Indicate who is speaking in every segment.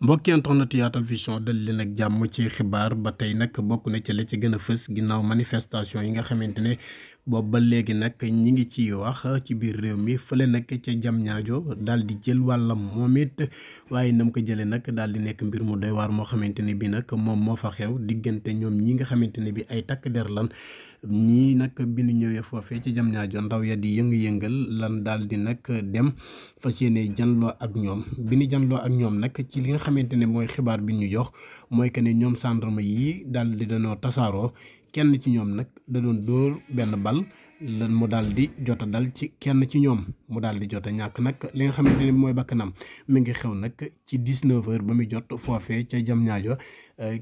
Speaker 1: mbokki internet Yatal Vision dal leen ak jàmm ci xibaar ba tey nag bokk na ci la ci gën a fës ginnaaw manifestation yi nga xamante ne boobu ba léegi nag ñi ngi ci wax ci biir réew mi fële nag ca jam ñaajo daal di jël wàllam moo it waaye nam ko jëlee nag daal di nekk mbir mu doy waar moo xamante ne bi nag moom moo fa xew diggante ñoom ñi nga xamante ne bi ay takk der lan ñii nag bi ñu ñëwee foofee ci jam ñaajo ndaw ya di yëngu-yëngal lan daal di nag dem fas yéene janloo ak ñoom xamante ne mooy xibaar bi ñu jox mooy que ne ñoom gendarme yii daal di dañoo tasaaroo kenn ci ñoom nag da doon dóor benn bal lan mu daal di jot dal ci kenn ci ñoom mu daal di jot ñàkk nag li nga xamante ne mooy bakkanam mu ngi xew nag ci 19 heures ba muy jot foofee ca jam ñaajo euh,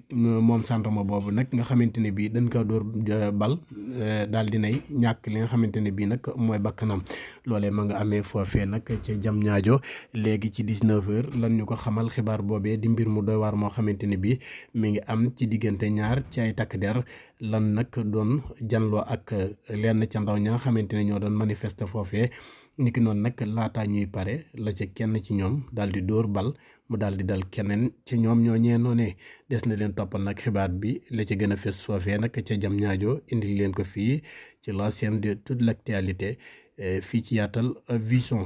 Speaker 1: moom gendarme boobu nag nga xamante ne bii dañ ko dóor euh, bal Eh, daal di nay ñàkk li nga xamante ne bii nag mooy bakkanam loole ma ngi amee foofee nag ca jam ñaajo léegi ci 19h lan ñu ko xamal xibaar boobee di mbir mu doy waar moo xamante ne bii mi ngi am ci diggante ñaar ci ay takk der lan nag doon janloo ak lenn ca ndaw ña nga xamante ne ñoo doon manifester foofee niki noonu nag laataa ñuy pare la ca kenn ci ñoom daal di dóor bal mu daal di dal keneen ci ñoom ñoo ñee noonee des na leen toppal nag xibaat bi la ca gën a fes foofee nag ca jam ñaajo indi leen ko fii ci l'ensemble de toute l'actualité eh, fii ci yaatal vision